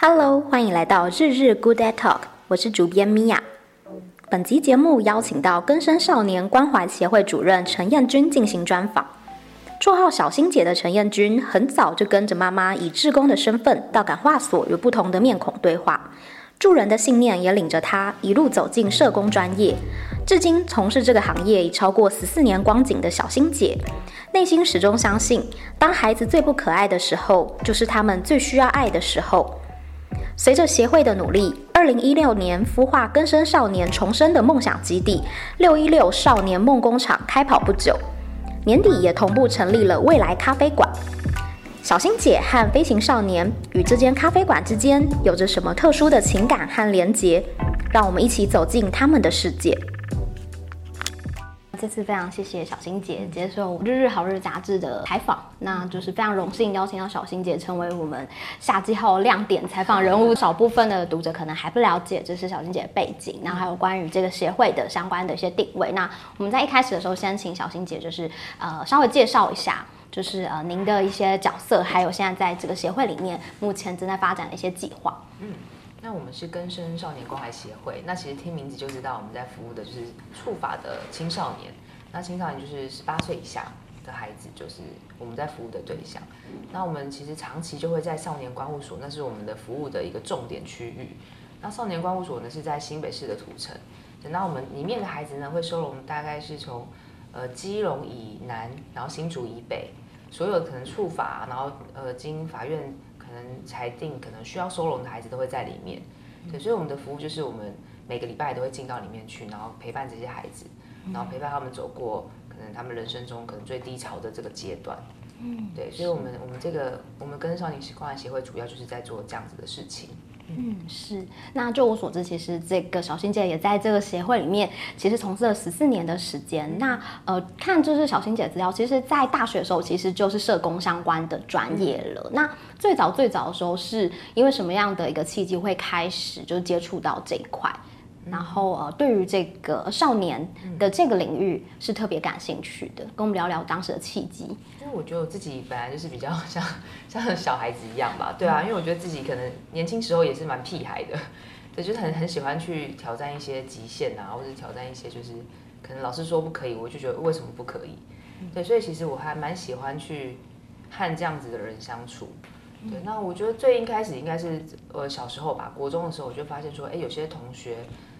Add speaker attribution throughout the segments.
Speaker 1: Hello，歡迎來到日日 Good Day Talk，我是主編 Miya。本集節目邀請到更生少年關懷協會主任陳彥君進行專訪。綽號“小欣姊”的陳彥君，很早就跟着媽媽以志工的身份，到感化所與不同的面孔對話，助人的信念也領着她一路走進社工專業。至今從事這個行業已超過十四年光景的小欣姊，內心始終相信，當孩子最不可愛的時候，就是他們最需要愛的時候。隨着協會的努力，二零一六年孵化更生少年重生的夢想基地“六一六少年夢工廠”開跑不久，年底也同步成立了未來咖啡館。小欣姊和非行少年與這間咖啡館之間有着什麼特殊的情感和連結？讓我們一起走進他們的世界。這次非常謝謝小欣姊，接受日日好日雜誌的採訪，嗯、那就是非常榮幸邀請到小欣姊成為我們夏季號亮點採訪人物。少、嗯、部分的讀者可能還不了解，這是小欣姊的背景，嗯、然後還有關於這個協會的相關的一些定位。那我們在一開始的時候，先請小欣姊就是呃稍微介紹一下，就是呃您的一些角色，還有現在在這個協會裡面目前正在發展的一些計劃。嗯。
Speaker 2: 那我們是更生少年關懷協會，那其實聽名字就知道我們在服務的就是觸法的青少年。那青少年就是十八歲以下的孩子，就是我們在服務的對象。那我們其實長期就會在少年觀護所，那是我們的服務的一個重點區域。那少年觀護所呢是在新北市的土城。那我們裡面的孩子呢會收容，大概是從呃基隆以南，然後新竹以北，所有可能觸法，然後呃經法院。可能裁定，可能需要收容的孩子都會在裡面，對，所以我們的服務就是我們每個禮拜都會進到裡面去，然後陪伴這些孩子，
Speaker 1: 然後陪伴
Speaker 2: 他們走過可能他們人生中可能最低潮的這個階段。對，所以我們我們這個我們跟少年關懷協會主要就是在做這樣子的事情。
Speaker 1: 嗯，是。那就我所知，其實這個小欣姊也在這個協會裡面，其實從事了十四年的時間。那呃，看就是小欣姊的資料，其實，在大學的時候，其實就是社工相關的專業了。那最早最早的時候，是因為什麼樣的一個契機，會開始就接觸到這一塊？然後呃，對於這個少年的這個領域是特別感興趣的，嗯、跟我們聊聊當時的契機。
Speaker 2: 因為我覺得我自己本來就是比較像像小孩子一樣吧，對啊。嗯，因為我覺得自己可能年輕時候也是蠻屁孩的，對，就是很很喜歡去挑戰一些極限啊，或者挑戰一些就是可能老師說不可以，我就覺得為什麼不可以？對，所以其實我還蠻喜歡去和這樣子的人相處。對，那我覺得最一開始應該是呃，小時候吧，國中的時候我就發現說，哎，有些同學。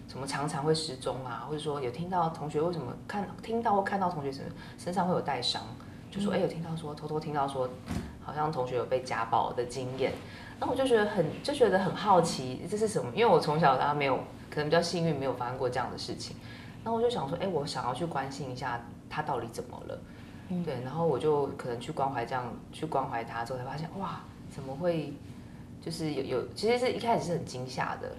Speaker 2: 什麼常常會失蹤啊，或者說有聽到同學為什麼看聽到或看到同學身身上會有帶傷，嗯、就說哎、欸、有聽到說偷偷聽到說，好像同學有被家暴的經驗，那我就覺得很就覺得很好奇這是什麼，因為我從小他沒有可能比較幸運沒有發生過這樣的事情，那我就想說哎、欸、我想要去關心一下他到底怎麼了，嗯對，然後我就可能去關懷這樣去關懷他之後才發現哇怎麼會就是有有其實是一開始是很驚嚇的，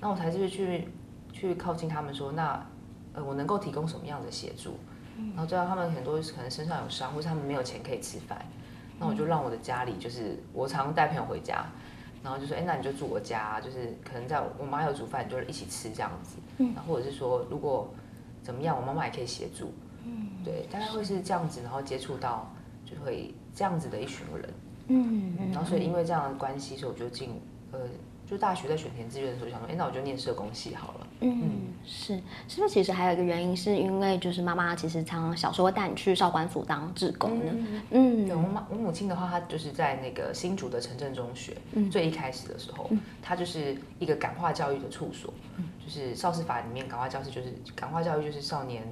Speaker 2: 那我才繼續去。去靠近他們說，說那，呃，我能夠提供什麼樣的協助？嗯、然後知道他們很多可能身上有傷，或者是他們沒有錢可以吃飯，那、嗯、我就讓我的家裡，就是我常帶朋友回家，然後就說，哎、欸，那你就住我家，就是可能在我，我媽有煮飯，你就一起吃這樣子。嗯、然後或者是說如果怎麼樣，我媽媽也可以協助。嗯，對，大概會是這樣子，然後接觸到就會這樣子的一群人。嗯。
Speaker 1: 嗯，然後所以因
Speaker 2: 為這樣的關係，所以我就進呃。就大學在選填志願的時候，想說，哎、欸，那我就念社工系好了。嗯，
Speaker 1: 嗯是，是不是？其實還有一個原因，是因為就是媽媽其實常常小時候帶你去少管所當志工呢。嗯，嗯對我媽
Speaker 2: 我母親的話，她就是在那個新竹的誠正中學、嗯，最一開始的時候、嗯，她就是一個感化教育的處所，嗯、就是少事法裡面感化教師，就是感化教育，就是少年，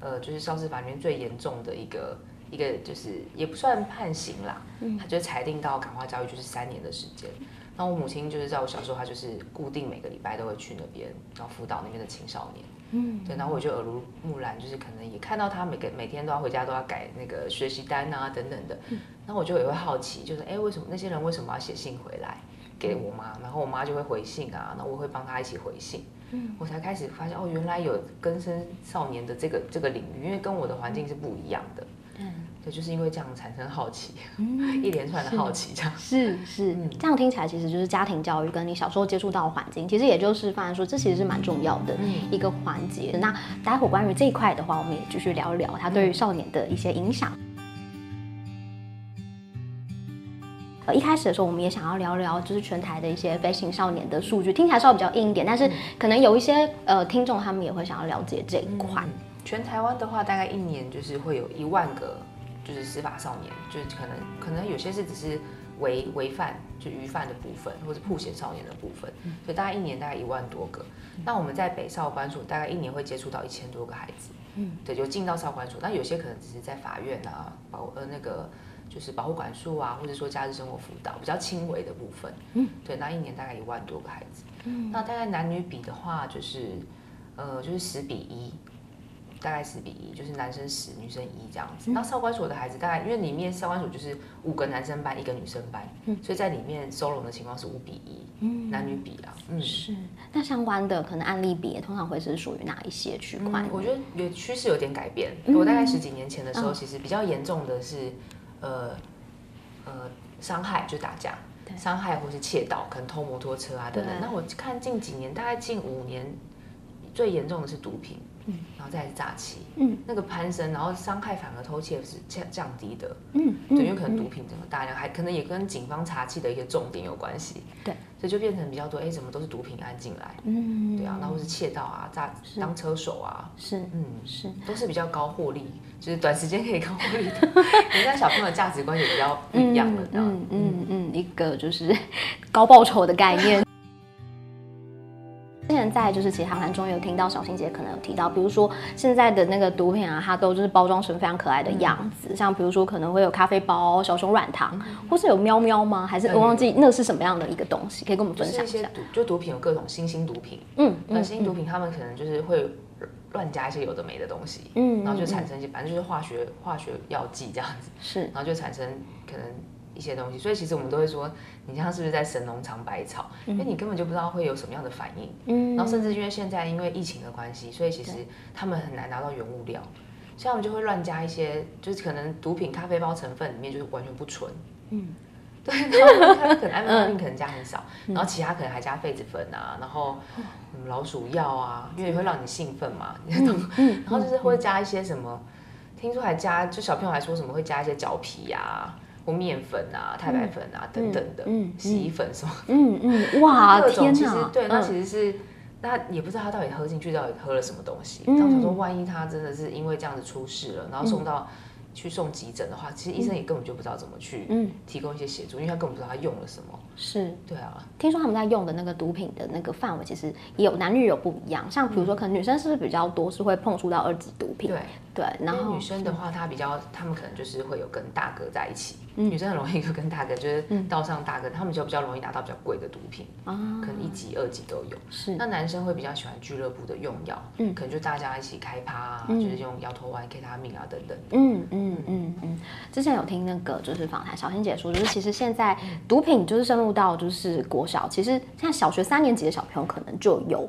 Speaker 2: 呃，就是少事法裡面最嚴重的一個一個，就是也不算判刑啦，他、嗯、就裁定到感化教育就是三年的時間。那我母親就是在我小時候，她就是固定每個禮拜都會去那邊，然後輔導那邊的青少年。嗯，對，然後我就耳濡目染，就是可能也看到她每個每天都要回家，都要改那個學習單啊等等的。那、嗯、我就也會好奇，就是哎，為什麼那些人為什麼要寫信回來給我媽、嗯？然後我媽就會回信啊，那我會幫她一起回信。嗯，我才開始發現哦，原來有更生少年的這個這個領域，因為跟我的環境是不一樣的。對，就是因
Speaker 1: 為這樣產生好奇，嗯、一連串的好奇，這樣是是，是、嗯，這樣聽起來其實就是家庭教育跟你小時候接觸到的環境，其實也就是，發現說這其實是蠻重要的一個環節、嗯。那待會關於這一塊的話，我們也繼續聊一聊它對於少年的一些影響。呃、嗯，一開始的時候我們也想要聊聊，就是全台的一些非行少年的數據，聽起來稍微比較硬一點，但是可能有一些呃聽眾他們也會想要了解這一塊、嗯。
Speaker 2: 全台灣的話，大概一年就是會有一萬個。就是司法少年，就是可能可能有些是只是違違犯，就虞犯的部分，或者曝險少年的部分，所以大概一年大概一萬多個、嗯。那我們在北少觀所，大概一年會接觸到一千多個孩子，嗯，對，就進到少觀所。那有些可能只是在法院啊保呃那個就是保護管束啊，或者說假日生活輔導比較輕微的部分，嗯，對，那一年大概一萬多個孩子，嗯，那大概男女比的話就是呃就是十比一。大概十比一，就是男生十，女生一這樣子。嗯、那少管所的孩子，大概因為裡面少管所就是五個男生班，一個女生班，嗯，所以在裡面收容的情況是五比一，
Speaker 1: 嗯，男女比啊。嗯，是。那相關的可能案例比，也通常會是屬於哪一些區塊嗯？我覺
Speaker 2: 得有趨勢有點改變。嗯、我大概十幾年前的時候，嗯，其實比較嚴重的是，呃呃，傷害就是打架，傷害或是竊盜，可能偷摩托車啊等等。那我看近幾年，大概近五年最嚴重的是毒品。嗯、然後再是詐欺，嗯，那個攀升，然後傷害反而偷竊是降降低的，
Speaker 1: 嗯，對，因為可能
Speaker 2: 毒品整個大量，還可能也跟警方查緝的一個重點有關係，對，所以就變成比較多，哎，怎麼都是毒品案進來，嗯，
Speaker 1: 對啊，那或是
Speaker 2: 竊盜啊，詐當車手啊是，是，嗯，是，都是比較高獲利，就是短時間可以高獲利的，你 看小朋友的價值觀也比較
Speaker 1: 不一樣了，這嗯嗯，嗯，嗯，一個就是高報酬的概念。 現在就是，其實韓中有聽到小欣姐可能有提到，比如說現在的那個毒品啊，它都就是包裝成非常可愛的樣子，像比如說可能會有咖啡包、小熊軟糖、嗯，或是有喵喵嗎？還是我忘記那是什麼樣的一個東西，可以跟我們分享一下？
Speaker 2: 就是、一些毒就毒品有各種新興毒品，嗯，嗯嗯新興毒品他們可能就是會亂加一些有的沒的東西，嗯，嗯嗯然後就產生一些，反正就是化學化學藥劑這樣子，是，然後就產生可能一些東西，所以其實我們都會說，你像是不是在神農嘗百草？因為你根本就不知道會有什麼樣的反應。嗯，然後甚至因為現在因為疫情的關係，所以其實他們很難拿到原物料，所以我們就會亂加一些，就是可能毒品咖啡包成分裡面就是完全不純。嗯，對，然後他們可能安眠藥可能加很少，嗯，然後其他可能還加痱子粉啊，然後、嗯、老鼠藥啊，因為會讓你興奮嘛，你懂。然後就是會加一些什麼，嗯、聽說還加，就小朋友還說什麼會加一些腳皮呀、啊。或麵粉啊、太白粉啊、嗯、等等的、嗯嗯，洗衣粉什
Speaker 1: 麼的，嗯嗯，嗯，哇，其實天哪，對，那其
Speaker 2: 實是、嗯，那也不知道他到底喝進去到底喝了什麼東西。嗯、然後他說，萬一他真的是因為這樣子出事了，然後送到去送急診的話、嗯，其實醫生也根本就不知道怎麼去提供一些協助、嗯嗯，因為他根本不知道他用了什麼。
Speaker 1: 是對啊，聽說他們在用的那個毒品的那個範圍，其實也有男女有不一樣。像比如說，可能女生是不是比較多，是會碰觸到二級毒品？對對。然後
Speaker 2: 女生的話，她比較，她們可能就是會有跟大哥在一起，嗯、女生很容易就跟大哥就是道上大哥、嗯，他們就比較容易拿到比較貴的毒品啊，可能一級、二級都有。是。那男生會比較喜歡俱樂部的用藥，嗯，可能就大家一起開趴啊，嗯、就是用搖頭丸、K 他命啊，等等。嗯
Speaker 1: 嗯嗯嗯。之前有聽那個就是訪談，小欣姊說，就是其實現在毒品就是生。到就是國小，其實像小學三年級的小朋友，可能就有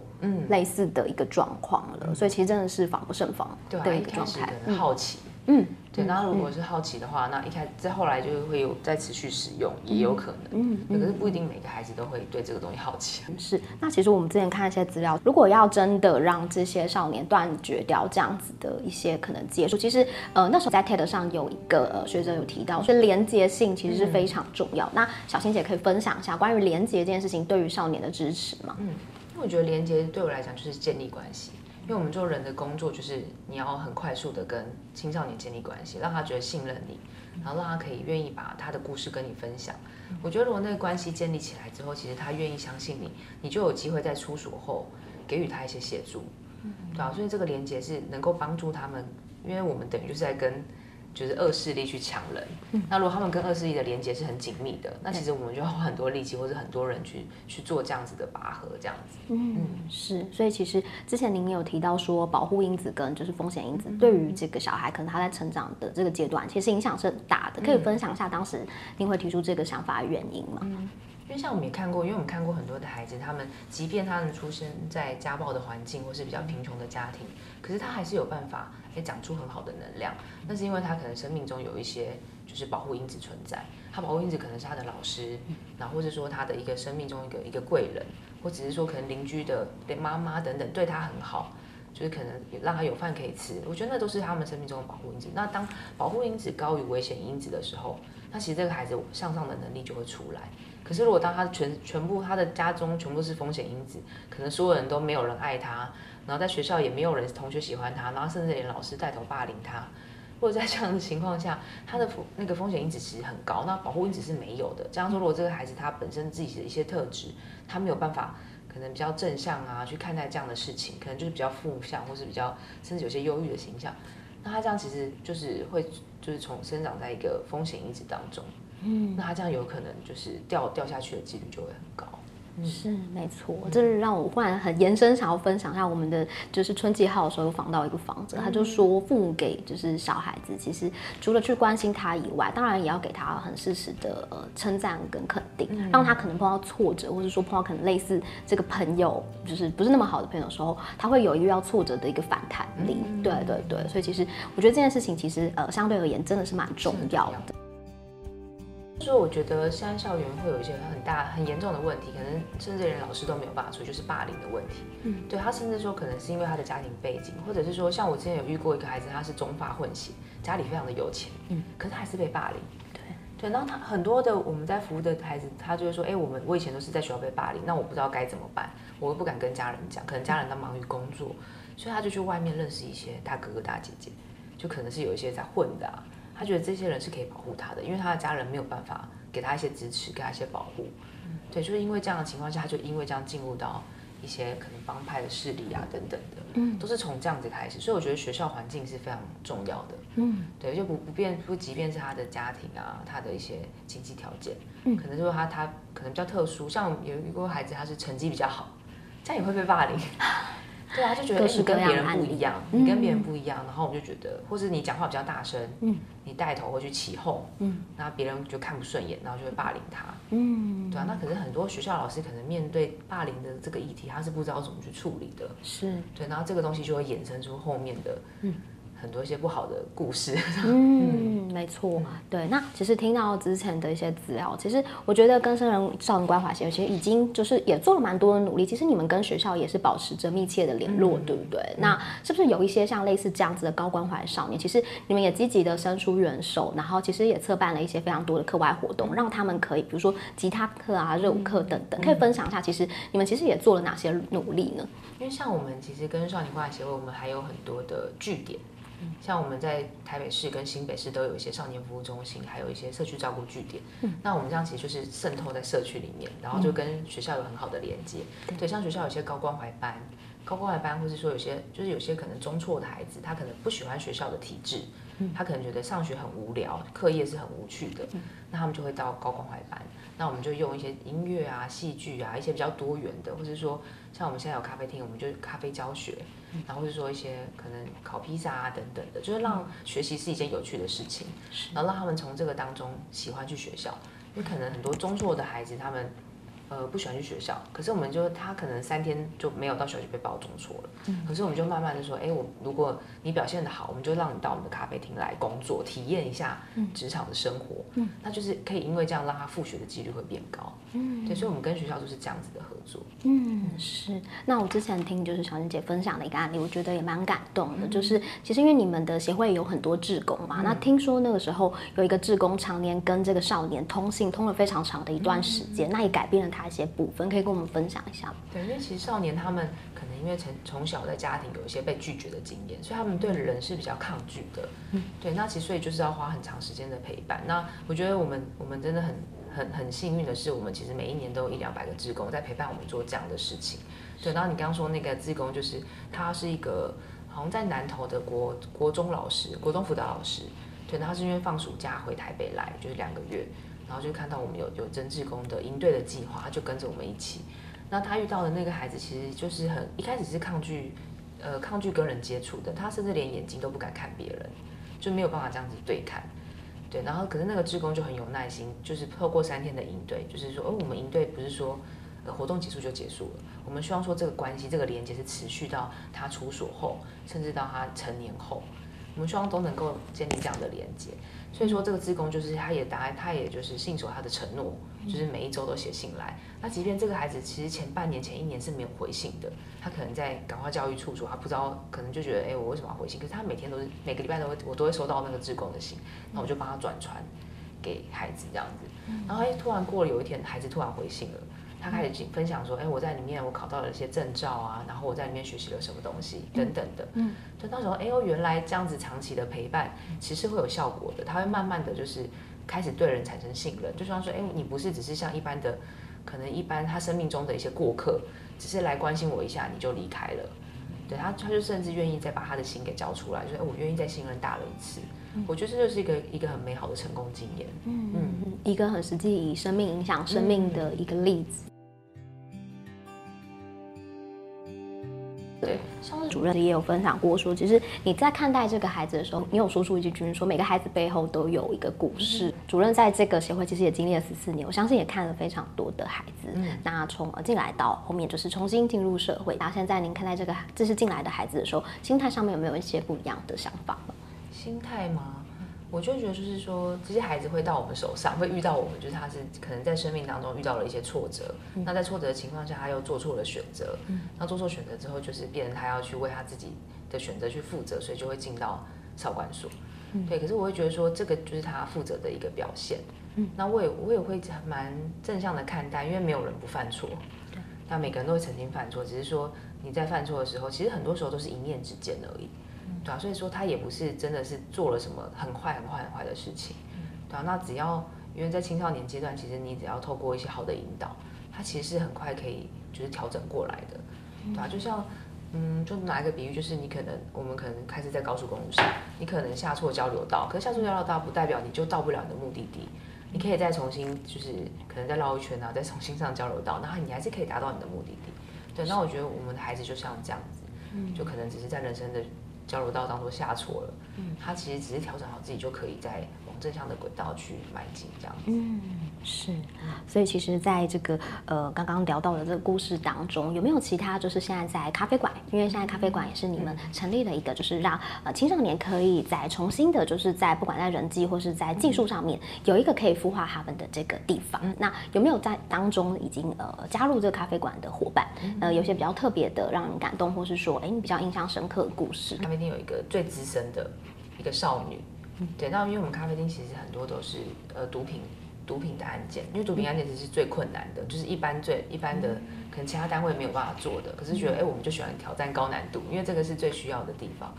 Speaker 1: 類似的一個狀況了，嗯，所以其實真的是防不勝防，對，的一個狀態，
Speaker 2: 好奇。嗯，對，那如果是好奇的話，嗯、那一開始後來就會有再持續使用，嗯、也有可能。嗯，嗯可是不一定每一個孩子都會
Speaker 1: 對這個東西好奇。是，那其實我們之前看一些資料，如果要真的讓這些少年斷絕掉這樣子的一些可能接觸，其實，呃，那時候在 TED 上有一個、呃、學者有提到說，說連結性其實是非常重要。嗯、那小欣姐可以分享一下關於連結這件事情對於少年的支持嗎？嗯，因
Speaker 2: 為我覺得連結對我來講就是建立關係。因為我們做人的工作，就是你要很快速的跟青少年建立關係，讓他覺得信任你，然後讓他可以願意把他的故事跟你分享。我覺得如果那個關係建立起來之後，其實他願意相信你，你就有機會在出所後給予他一些協助，嗯，對啊。所以這個連接是能夠幫助他們，因為我們等於就是在跟。就是惡勢力去搶人、嗯，那如果他們跟惡勢力的連接是很緊密的、嗯，那其實我們就要花很多力氣或者很多人去
Speaker 1: 去做這樣子的拔河，這樣子嗯。嗯，是。所以其實之前您有提到說，保護因子跟就是風險因子、嗯、對於這個小孩，可能他在成長的這個階段，其實影響是很大的、嗯。可以分享一下當時您會提出這個想法的原因嗎？嗯
Speaker 2: 因為像我們也看過，因為我們看過很多的孩子，他們即便他們出生在家暴的環境，或是比較貧窮的家庭，可是他還是有辦法，哎，講出很好的能量。那是因為他可能生命中有一些就是保護因子存在，他保護因子可能是他的老師，然後或者說他的一個生命中一個一個貴人，或只是說可能鄰居的媽媽等等對他很好，就是可能讓他有飯可以吃。我覺得那都是他們生命中的保護因子。那當保護因子高於危險因子的時候，那其實這個孩子向上的能力就會出來。可是，如果當他全全部他的家中全部是風險因子，可能所有人都沒有人愛他，然後在學校也沒有人同學喜歡他，然後甚至連老師帶頭霸凌他。如果在這樣的情況下，他的那個風險因子其實很高，那保護因子是沒有的。這樣說，如果這個孩子他本身自己的一些特質，他沒有辦法可能比較正向啊去看待這樣的事情，可能就是比較負向，或是比較甚至有些憂鬱的形象。那他這樣其實就是會就是從生長在一個風險因子當中。嗯，那他這樣有可能就是掉掉下去的幾率就會很高。
Speaker 1: 是，沒錯。這、嗯就是、讓我忽然很延伸，想要分享一下我們的，就是春季號的時候，有訪到一個訪者，嗯、他就說，父母給就是小孩子，其實除了去關心他以外，當然也要給他很適時的呃、稱讚跟肯定、嗯，讓他可能碰到挫折，或者說碰到可能類似這個朋友，就是不是那麼好的朋友的時候，他會有一個要挫折的一個反彈力、嗯。對對對、嗯，所以其實我覺得這件事情其實呃相對而言真的是蠻重要的。
Speaker 2: 就是我覺得現在校園會有一些很大、很嚴重的問題，可能甚至連老師都沒有辦法處理，就是霸凌的問題。嗯，對，他甚至說可能是因為他的家庭背景，或者是說像我之前有遇過一個孩子，他是中法混血，家裡非常的有錢，嗯，可是他還是被霸凌。對對，然後他很多的我們在服務的孩子，他就會說，哎、欸，我們我以前都是在學校被霸凌，那我不知道該怎麼辦，我又不敢跟家人講，可能家人都忙於工作，所以他就去外面認識一些大哥哥、大姐姐，就可能是有一些在混的啊。他覺得這些人是可以保護他的，因為他的家人沒有辦法給他一些支持，給他一些保護。嗯、對，就是因為這樣的情況下，他就因為這樣進入到一些可能幫派的勢力啊、嗯、等等的，都是從這樣子開始。所以我覺得學校環境是非常重要的。嗯，對，就不不變不，即便是他的家庭啊，他的一些經濟條件，可能就是他他可能比較特殊，像有一個孩子他是成績比較好，這樣也會被霸凌。
Speaker 1: 對啊，就覺得是、欸、跟別人不一
Speaker 2: 樣、嗯，你跟別人不一樣，然後我們就覺得，或是你講話比較大聲，嗯，你帶頭會去起哄，嗯，那別人就看不順眼，然後就會霸凌他，嗯，對啊，那可是很多學校老師可能面對霸凌的這個議題，他是不知道怎麼去處理的，是對，然後這個東西就會衍
Speaker 1: 生出後面的，嗯。很多一些不好的故事。嗯，嗯沒錯、嗯。對，那其實聽到之前的一些資料、嗯，其實我覺得更生少年關懷協會其實已經就是也做了蠻多的努力。其實你們跟學校也是保持着密切的聯絡、嗯，對不對、嗯？那是不是有一些像類似這樣子的高關懷少年、嗯，其實你們也積極的伸出援手，然後其實也策辦了一些非常多的課外活動、嗯，讓他們可以比如說吉他課啊、熱舞課等等、嗯，可以分享一下，其實你們其實也做了哪些努力呢？
Speaker 2: 因為像我們其實跟少年關懷協會，我們還有很多的據點。像我們在台北市跟新北市都有一些少年服務中心，還有一些社區照顧據點。嗯、那我們這樣其實就是滲透在社區裡面，然後就跟學校有很好的連接。嗯、對，對，像學校有些高關懷班、高關懷班，或是說有些就是有些可能中輟的孩子，他可能不喜歡學校的體制、嗯，他可能覺得上學很無聊，課業是很無趣的，嗯、那他們就會到高關懷班。那我們就用一些音樂啊、戲劇啊，一些比較多元的，或者說像我們現在有咖啡廳，我們就咖啡教學，然後或者說一些可能烤披薩啊等等的，就是讓學習是一件有趣的事情是，然後讓他們從這個當中喜歡去學校，因為可能很多中輟的孩子他們。呃，不喜歡去學校，可是我們就他可能三天就沒有到學校就被包中錯了。嗯。可是我們就慢慢的說，哎、欸，我如果你表現的好，我們就讓你到我們的咖啡廳來工作，體驗一下職場的生活。嗯。
Speaker 1: 那就是可以因為這樣讓他復學的幾率會變高。嗯。對，所以，我們跟學校就是這樣子的合作。嗯，嗯是。那我之前聽就是小欣姊分享的一個案例，我覺得也蠻感動的。嗯、就是其實因為你們的協會有很多志工嘛、嗯，那聽說那個時候有一個志工常年跟這個少年通信，通了非常長的一段時間，嗯、那也改變了。他一些部分可以跟我們分享一下嗎？
Speaker 2: 對，因為其實少年他們可能因為從從小在家庭有一些被拒絕的經驗，所以他們對人是比較抗拒的。嗯，對。那其實所以就是要花很長時間的陪伴。那我覺得我們我們真的很很很幸運的是，我們其實每一年都有一兩百個志工在陪伴我們做這樣的事情。對，然後你剛剛說那個志工就是他是一個好像在南投的國國中老師，國中輔導老師。對，他是因為放暑假回台北來，就是兩個月。然後就看到我們有有徵志工的營隊的計劃，他就跟着我們一起。那他遇到的那個孩子，其實就是很一開始是抗拒，呃，抗拒跟人接觸的，他甚至連眼睛都不敢看別人，就沒有辦法這樣子對看。對，然後可是那個志工就很有耐心，就是透過三天的營隊，就是說，哦、呃，我們營隊不是說呃活動結束就結束了，我們希望說這個關係、這個連接是持續到他出所後，甚至到他成年後，我們希望都能夠建立這樣的連接。所以說這個志工就是，他也答案他，也就是信守他的承諾，就是每一周都寫信來。那即便這個孩子其實前半年、前一年是沒有回信的，他可能在感化教育處所，他不知道，可能就覺得，哎，我為什麼要回信？可是他每天都是每個禮拜都會，我都會收到那個志工的信，那我就幫他轉傳給孩子這樣子。然後哎，突然過了有一天，孩子突然回信了。他開始分享說：“哎、欸，我在裡面，我考到了一些證照啊，然後我在裡面學習了什麼東西等等的。嗯”嗯，就到時候，哎、欸、呦，原來這樣子長期的陪伴其實會有效果的。他會慢慢的就是開始對人產生信任，就像說：“哎、欸，你不是只是像一般的，可能一般他生命中的一些過客，只是來關心我一下，你就離開了。嗯”對他，他就甚至願意再把他的心給交出來，說、就是：“哎、欸，我願意再信任大了一次。嗯”我覺得這是一個一個很美好的成功經驗、嗯，嗯，
Speaker 1: 一個很實際以生命影響生命的一個例子。對，上次主任也有分享過說，說其實你在看待這個孩子的時候，你有說出一句，說每個孩子背後都有一個故事。嗯，主任在這個協會其實也經歷了十四年，我相信也看了非常多的孩子，嗯，那從而進來到後面就是重新進入社會，那現在您看待這個這是進來的孩子的時候，心態上面有沒有一些不一樣的想法？
Speaker 2: 心態嗎？我就會覺得，就是說，這些孩子會到我們手上，會遇到我們，就是他是可能在生命當中遇到了一些挫折，嗯、那在挫折的情況下，他又做錯了選擇、嗯，那做錯選擇之後，就是變成他要去為他自己的選擇去負責，所以就會進到少管所、嗯。對，可是我會覺得說，這個就是他負責的一個表現。嗯、那我也我也會蠻正向的看待，因為沒有人不犯錯，那每個人都會曾經犯錯，只是說你在犯錯的時候，其實很多時候都是一念之間而已。對啊，所以說他也不是真的是做了什麼很壞、很壞、很壞的事情，嗯，對啊。那只要因為在青少年階段，其實你只要透過一些好的引導，他其實是很快可以就是調整過來的，嗯，對啊。就像嗯，就拿一個比喻，就是你可能我們可能開始在高速公路上，你可能下錯交流道，可是下錯交流道不代表你就到不了你的目的地，嗯，你可以再重新就是可能再繞一圈啊，再重新上交流道，然後你還是可以達到你的目的地。對，對，那我覺得我們的孩子就像這樣子，嗯，就可能只是在人生的。交流道當中下錯了，嗯，他其實只是調整好自己，就可以再往正向的軌道去邁進，這樣子，
Speaker 1: 嗯，是，所以其實在這個呃剛剛聊到的這個故事當中，有沒有其他就是現在在咖啡館，因為現在咖啡館也是你們成立了一個，就是讓呃青少年可以在重新的，就是在不管在人際或是在技術上面，有一個可以孵化他們的這個地方。嗯、那有沒有在當中已經呃加入這個咖啡館的夥伴，嗯、呃有些比較特別的讓人感動，或是說哎、欸、你比較印象深刻的故事？嗯一定有一個最資深的一個少女，
Speaker 2: 對。那因為我們咖啡廳其實很多都是呃毒品毒品的案件，因為毒品案件其實是最困難的，就是一般最一般的可能其他單位沒有辦法做的，可是覺得哎、欸，我們就喜歡挑戰高難度，因為這個是最需要的地方。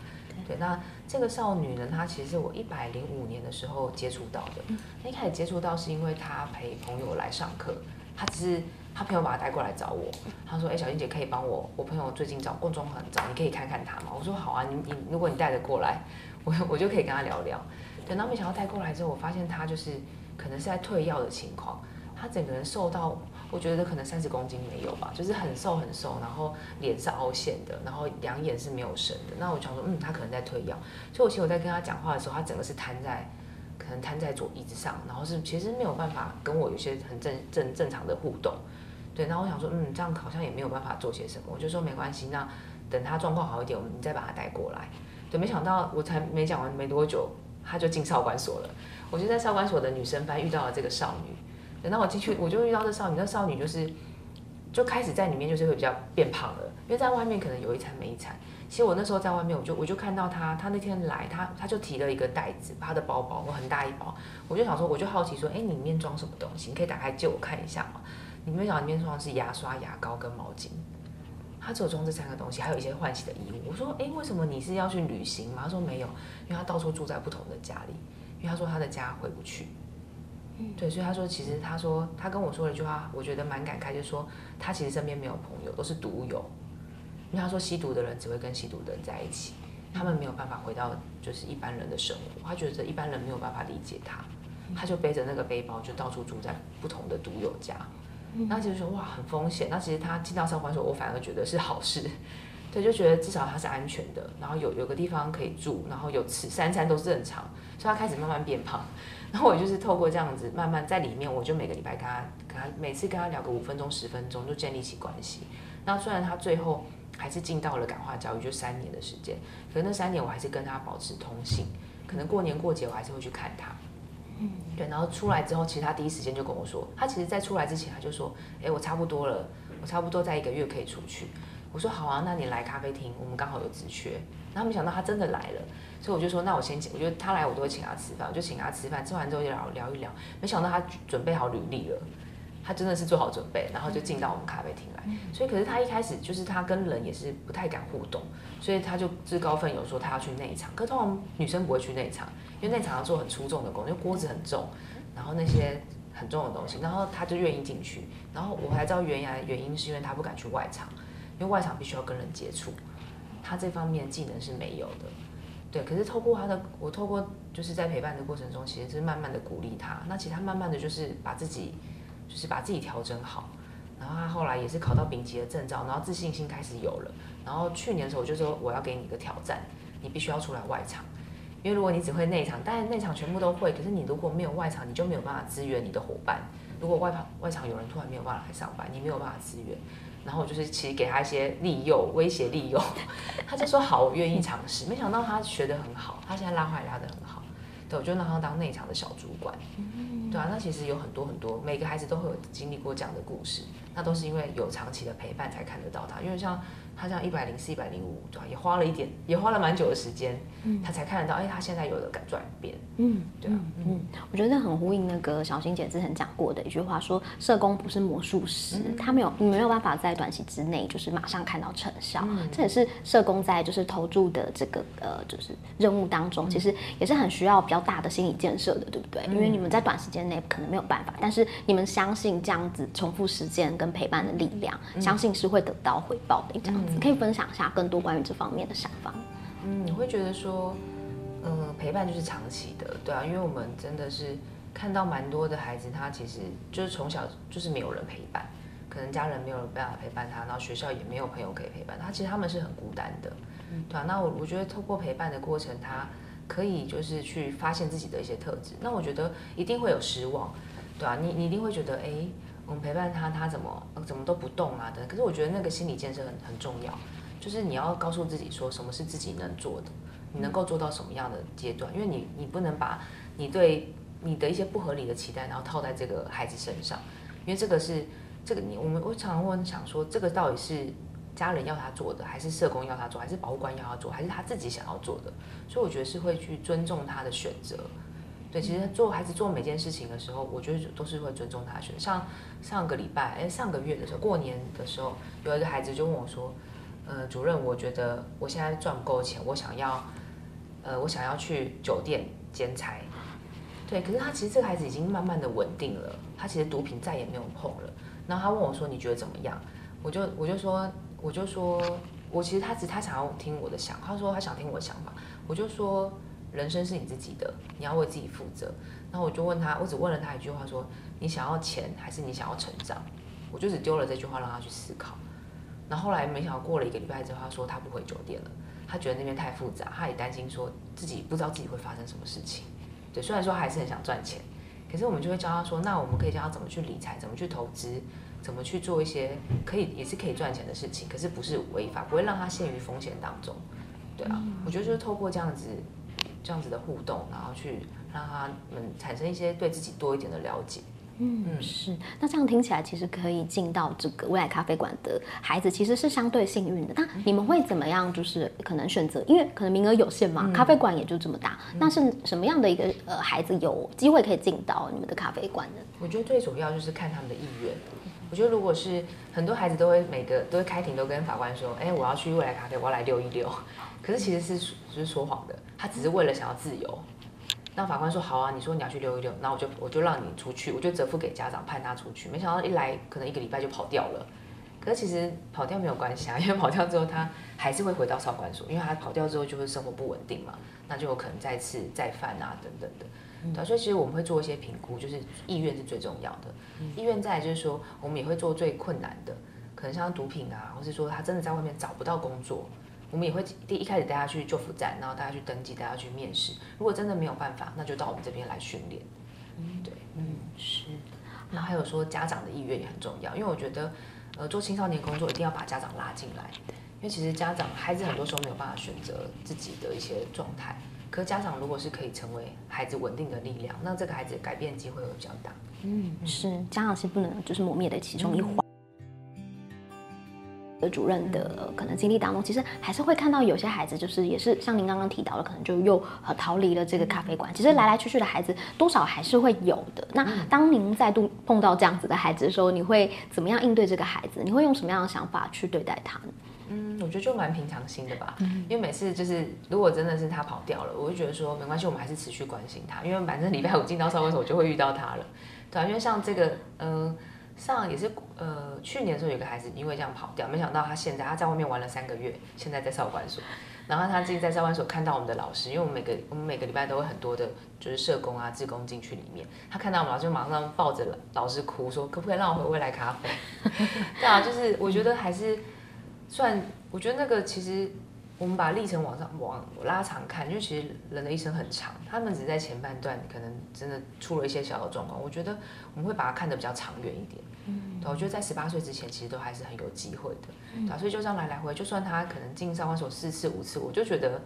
Speaker 2: 對。那這個少女呢，她其實是我一百零五年的時候接觸到的，一開始接觸到是因為她陪朋友來上課。他只是他朋友把他帶過來找我，他說：“哎、欸，小欣姊可以幫我，我朋友最近找工作很早你可以看看他嗎？”我說：“好啊，你你如果你帶的過來，我我就可以跟他聊聊。”等到沒想到帶過來之後，我發現他就是可能是在退藥的情況，他整個人瘦到我覺得可能三十公斤沒有吧，就是很瘦很瘦，然後臉是凹陷的，然後兩眼是沒有神的。那我想說，嗯，他可能在退藥，所以我其實我在跟他講話的時候，他整個是癱在。可能癱在左椅子上，然後是其實沒有辦法跟我有些很正正正常的互動，對。然後我想說，嗯，這樣好像也沒有辦法做些什麼，我就說沒關係，那等他狀況好一點，我們再把他帶過來。對，沒想到我才沒講完沒多久，他就進少觀所了。我就在少觀所的女生班遇到了這個少女，然後我進去我就遇到這少女，那少女就是就開始在裡面就是會比較變胖了，因為在外面可能有一餐沒一餐。其實我那時候在外面，我就我就看到他，他那天來，他他就提了一個袋子，把他的包包，我很大一包。我就想說，我就好奇說，哎，裡面裝什麼東西？你可以打開借我看一下嗎？你沒有想到裡面裝的是牙刷、牙膏跟毛巾，他只有裝這三個東西，還有一些換洗的衣物。我說，哎，為什麼你是要去旅行嗎？他說沒有，因為他到處住在不同的家裡，因為他說他的家回不去。嗯，對，所以他說，其實他說他跟我說了一句話，我覺得蠻感慨，就是說他其實身邊沒有朋友，都是獨有。因為他說吸毒的人只會跟吸毒的人在一起，他們沒有辦法回到就是一般人的生活。他覺得一般人沒有辦法理解他，他就背着那個背包就到處住在不同的毒友家。那其實說哇很風險，那其實他進到少觀說我反而覺得是好事。他就覺得至少他是安全的，然後有有個地方可以住，然後有吃三餐都是正常，所以他開始慢慢變胖。然後我就是透過這樣子慢慢在裡面，我就每個禮拜跟他跟他每次跟他聊個五分鐘十分鐘，就建立起關係。那雖然他最後。還是進到了感化教育，就三年的時間。可是那三年我還是跟他保持通信，可能過年過節我還是會去看他。嗯，對。然後出來之後，其實他第一時間就跟我說，他其實，在出來之前他就說，哎，我差不多了，我差不多再一個月可以出去。我說好啊，那你來咖啡廳，我們剛好有職缺。然後沒想到他真的來了，所以我就說，那我先請，我覺得他來我都會請他吃飯，我就請他吃飯，吃完之後就聊聊一聊。沒想到他準備好履歷了。他真的是做好準備，然後就進到我們咖啡廳來。所以，可是他一開始就是他跟人也是不太敢互動，所以他就自告奮勇說他要去內場。可是通常女生不會去內場，因為內場要做很粗重的工作，因為鍋子很重，然後那些很重的東西。然後他就願意進去。然後我還知道原來、啊、原因是因為他不敢去外場，因為外場必須要跟人接觸，他這方面技能是沒有的。對，可是透過他的，我透過就是在陪伴的過程中，其實就是慢慢的鼓勵他。那其實他慢慢的就是把自己。就是把自己調整好，然後他後來也是考到丙級的證照，然後自信心開始有了。然後去年的時候我就說我要給你一個挑戰，你必須要出來外場，因為如果你只會內場，但是內場全部都會，可是你如果沒有外場，你就沒有辦法支援你的夥伴。如果外場外場有人突然沒有辦法來上班，你沒有辦法支援。然後就是其實給他一些利誘、威脅、利誘，他就說好，我願意嘗試。沒想到他學得很好，他現在拉花拉得很好。對，我就讓他當內場的小主管。嗯嗯嗯對啊，那其實有很多很多，每個孩子都會有經歷過這樣的故事，那都是因為有長期的陪伴才看得到他，因為像。他像一百零四、一百零五，也花了一點，也花了蠻久的時間，嗯，他才看得到，哎、欸，他現在有了改轉變，
Speaker 1: 嗯，對啊，嗯，嗯，我覺得很呼應那個小欣姊之前講過的一句話說，說社工不是魔術師、嗯，他沒有你沒有辦法在短期之內就是馬上看到成效、嗯，這也是社工在就是投注的這個呃就是任務當中、嗯，其實也是很需要比較大的心理建設的，對不對、嗯？因為你們在短時間內可能沒有辦法，但是你們相信這樣子重複時間跟陪伴的力量、嗯，相信是會得到回報的這樣。嗯嗯、可以分享一下更多關於這方面的想法？嗯，
Speaker 2: 你會覺得說，嗯、呃，陪伴就是長期的。對啊，因為我們真的是看到蠻多的孩子，他其實就是從小就是沒有人陪伴，可能家人沒有辦法陪，陪伴他，然後學校也沒有朋友可以陪伴他，其實他們是很孤單的、嗯，對啊。那我我覺得透過陪伴的過程，他可以就是去發現自己的一些特質。那我覺得一定會有失望，對啊，你你一定會覺得哎。欸我們陪伴他，他怎麼怎麼都不動啊等，可是我覺得那個心理建設很很重要，就是你要告訴自己說什麼是自己能做的，你能夠做到什麼樣的階段，因為你你不能把你對你的一些不合理的期待，然後套在這個孩子身上，因為這個是這個你我們我常常會想說，這個到底是家人要他做的，還是社工要他做，還是保護官要他做，還是他自己想要做的？所以我覺得是會去尊重他的選擇。對，其實做孩子做每件事情的時候，我覺得都是會尊重他選。像上個禮拜，哎，上個月的時候，過年的時候，有一個孩子就問我說：“呃，主任，我覺得我現在賺不夠錢，我想要，呃，我想要去酒店兼差。”對，可是他其實這個孩子已經慢慢的穩定了，他其實毒品再也沒有碰了。然後他問我說：“你覺得怎麼樣？”我就我就說我就說，我其實他只他想要聽我的想，他說他想聽我的想法，我就說。人生是你自己的，你要為自己負責。然後我就問他，我只問了他一句話說，說你想要錢還是你想要成長？我就只丟了這句話讓他去思考。那後，後來沒想到過了一個禮拜之後，他說他不回酒店了，他覺得那邊太複雜，他也擔心說自己不知道自己會發生什麼事情。對，雖然說他還是很想賺錢，可是我們就會教他說，那我們可以教他怎麼去理財，怎麼去投資，怎麼去做一些可以也是可以賺錢的事情，可是不是違法，不會讓他陷於風險當中。對啊，Mm-hmm. 我覺得就是透過這樣子。這樣子的互動，然後去讓他們產生一些對
Speaker 1: 自己多一點的了解。嗯，嗯，是。那這樣聽起來，其實可以進到這個未來咖啡館的孩子，其實是相對幸運的。那你們會怎麼樣？就是可能選擇，因為可能名額有限嘛，嗯、咖啡館也就這麼大，嗯。那是什麼樣的一個呃孩子有機會可以進到你們的咖啡館呢？
Speaker 2: 我覺得最主要就是看他們的意願。我覺得如果是很多孩子都會每個都會開庭都跟法官說：“哎、欸，我要去未來咖啡，我要來溜一溜。”可是其實是。就是說謊的，他只是為了想要自由。那法官說：“好啊，你說你要去溜一溜，那我就我就讓你出去，我就責付給家長判他出去。”沒想到一來可能一個禮拜就跑掉了。可是其實跑掉沒有關係啊，因為跑掉之後他還是會回到少觀所，因為他跑掉之後就會生活不穩定嘛，那就有可能再次再犯啊等等的對啊。所以其實我們會做一些評估，就是意願是最重要的。意願再來就是說，我們也會做最困難的，可能像毒品啊，或是說他真的在外面找不到工作。我們也會第一開始帶他去就服站，然後帶他去登記，帶他去面試。如果真的沒有辦法，那就到我們這邊來訓練。對，嗯是嗯。然後還有說家長的意願也很重要，因為我覺得，呃，做青少年工作一定要把家長拉進來，因為其實家長孩子很多時候沒有辦法選擇自己的一些狀態，可是家長如果是可以成為孩子穩定的力量，那這個孩子改變機會會比較大。嗯，嗯
Speaker 1: 是，家長是不能就是磨滅的其中一環。嗯的主任的可能經歷當中，其實還是會看到有些孩子，就是也是像您剛剛提到的，可能就又呃逃離了這個咖啡館。其實來來去去的孩子多少還是會有的。那當您再度碰到這樣子的孩子的時候，你會怎麼樣應對這個孩子？你會用什麼樣的想法去對待他呢？嗯，我
Speaker 2: 覺得就蠻平常心的吧。因為每次就是如果真的是他跑掉了，我就覺得說沒關係，我們還是持續關心他。因為反正禮拜五進到少觀所，我就會遇到他了。對，因為像這個嗯。上也是呃，去年的時候有個孩子因為這樣跑掉，沒想到他現在他在外面玩了三個月，現在在少管所。然後他自己在少管所看到我們的老師，因為我們每個我們每個禮拜都有很多的，就是社工啊、志工進去裡面，他看到我們老師就馬上抱着老師哭，說可不可以讓我回未來咖啡？ 對啊，就是我覺得還是算，我覺得那個其實。我們把歷程往上往拉長看，因為其實人的一生很長，他們只是在前半段可能真的出了一些小、小的狀況。我覺得我們會把它看得比較長遠一點。嗯，對、啊，我覺得在十八歲之前其實都還是很有機會的。嗯、對、啊，所以就這樣來來回，就算他可能進上觀所四次五次，我就覺得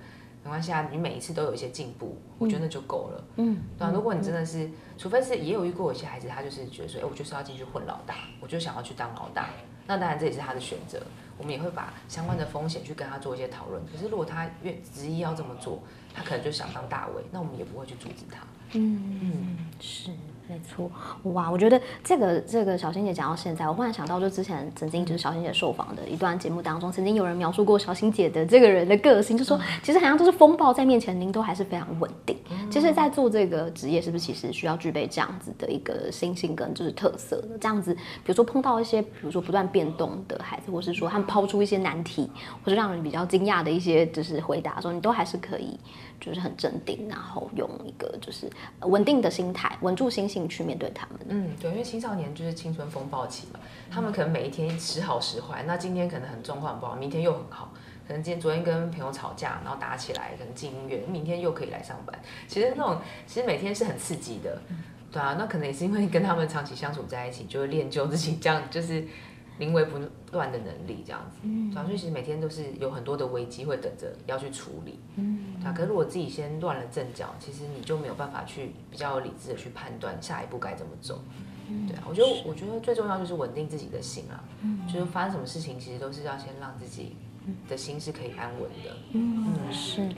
Speaker 2: 沒關係啊，你每一次都有一些進步、嗯，我覺得那就夠了。嗯，對、啊，如果你真的是，除非是也有遇過有些孩子，他就是覺得說，哎、欸，我就是要進去混老大，我就想要去當老大，那當然這也是他的選擇。我們也會把相關的風險去跟他做一些討論。可是如果他越執意要這麼做，他可能就想當大偉，那我們也不會去阻止他。嗯嗯，
Speaker 1: 是。沒錯，哇！我覺得這個這個小欣姊講到現在，我忽然想到，就之前曾經就是小欣姊受訪的一段節目當中，曾經有人描述過小欣姊的這個人的個性就，就說其實好像就是風暴在面前，您都還是非常穩定。其實在做這個職業，是不是其實需要具備這樣子的一個心性跟就是特色？這樣子，比如說碰到一些比如說不斷變動的孩子，或是說他們拋出一些難題，或是讓人比較驚訝的一些就是回答說你都還是可以。就是很鎮定，然後用一個就是穩定的心態，穩住心性去面對他們。嗯，
Speaker 2: 對，因為青少年就是青春風暴期嘛，他們可能每一天時好時壞。嗯，那今天可能很狀況不好，明天又很好。可能今天昨天跟朋友吵架，然後打起來，可能進醫院，明天又可以來上班。其實那種其實每天是很刺激的，嗯，對啊。那可能也是因為跟他們長期相處在一起，就會練就自己這樣就是。臨危不亂的能力，這樣子，嗯，所以其實每天都是有很多的危機會等着要去處理，嗯，可是如果自己先亂了陣腳，其實你就沒有辦法去比較理智的去判斷下一步該怎麼走，嗯、對啊。我覺得，我覺得最重要就是穩定自己的心啊、嗯，就是發生什麼事情，其實都是要先讓自己的心是可以安穩的，嗯，嗯，
Speaker 1: 是。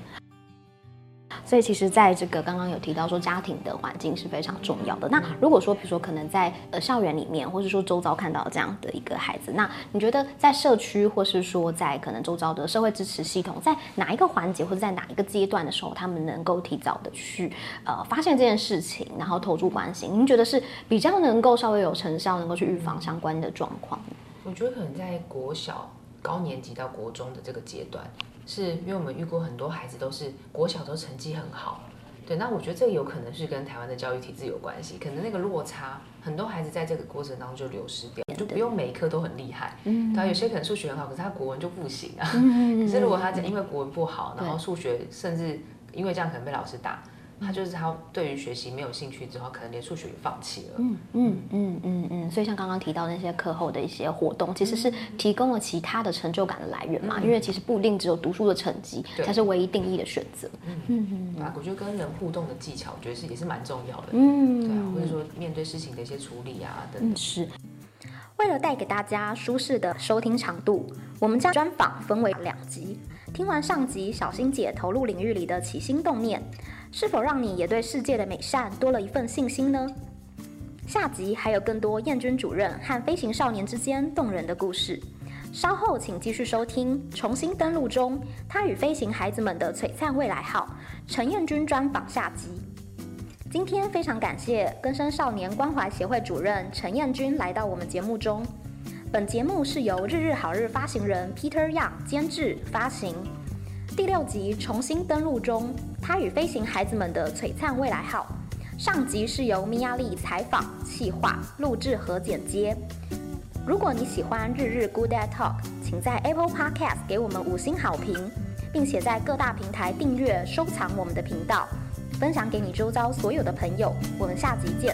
Speaker 1: 所以其實，在這個剛剛有提到說家庭的環境是非常重要的。那如果說，比如說，可能在呃校園裡面，或是說周遭看到這樣的一個孩子，那你覺得在社區，或是說在可能周遭的社會支持系統，在哪一個環節，或者在哪一個階段的時候，他們能夠提早的去呃發現這件事情，然後投注關心？您覺得是比較能夠稍微有成效，能夠去預防相關的狀況？
Speaker 2: 我覺得可能在國小高年級到國中的這個階段。是因為我們遇過很多孩子，都是國小都成績很好，對。那我覺得這有可能是跟台灣的教育體制有關係，可能那個落差，很多孩子在這個過程當中就流失掉，就不用每一科都很厲害。嗯、對啊，有些可能數學很好，可是他國文就不行啊。嗯嗯嗯、可是如果他因為國文不好，然後數學甚至因為這樣可能被老師打。他就是他，對於學習沒有興趣之後，可能連數學
Speaker 1: 也放棄了。嗯嗯嗯嗯嗯，所以像剛剛提到那些課後的一些活動，其實是提供了其他的成就感的來源嘛。嗯、因為其實不一定只有讀書的成績才是唯一定義的選擇。嗯嗯
Speaker 2: 嗯，嗯，啊，我覺得跟人互動的技巧，我覺得是也是蠻重要的。嗯，對、啊，或者說面對事情的一些處理啊等、等。嗯，是。
Speaker 1: 為了帶給大家舒適的收聽長度，我們將專訪分為兩集。聽完上集，小欣姊投入領域裡的起心動念。是否讓你也對世界的美善多了一份信心呢？下集還有更多彥君主任和非行少年之間動人的故事，稍後請繼續收聽。重新登入中，她與非行孩子們的璀璨未來號，陳彥君專訪下集。今天非常感謝更生少年關懷協會主任陳彥君來到我們節目中。本節目是由日日好日發行人 Peter Yang 監製發行。第六集重新登入中。她與非行孩子們的璀璨未來號，上集是由 Miya Lee 採訪、企劃、錄製和剪接。如果你喜歡日日 GOODDAY TALK，請在 Apple Podcast 給我們五星好評，並且在各大平台訂閱、收藏我們的頻道，分享給你周遭所有的朋友。我們下集見。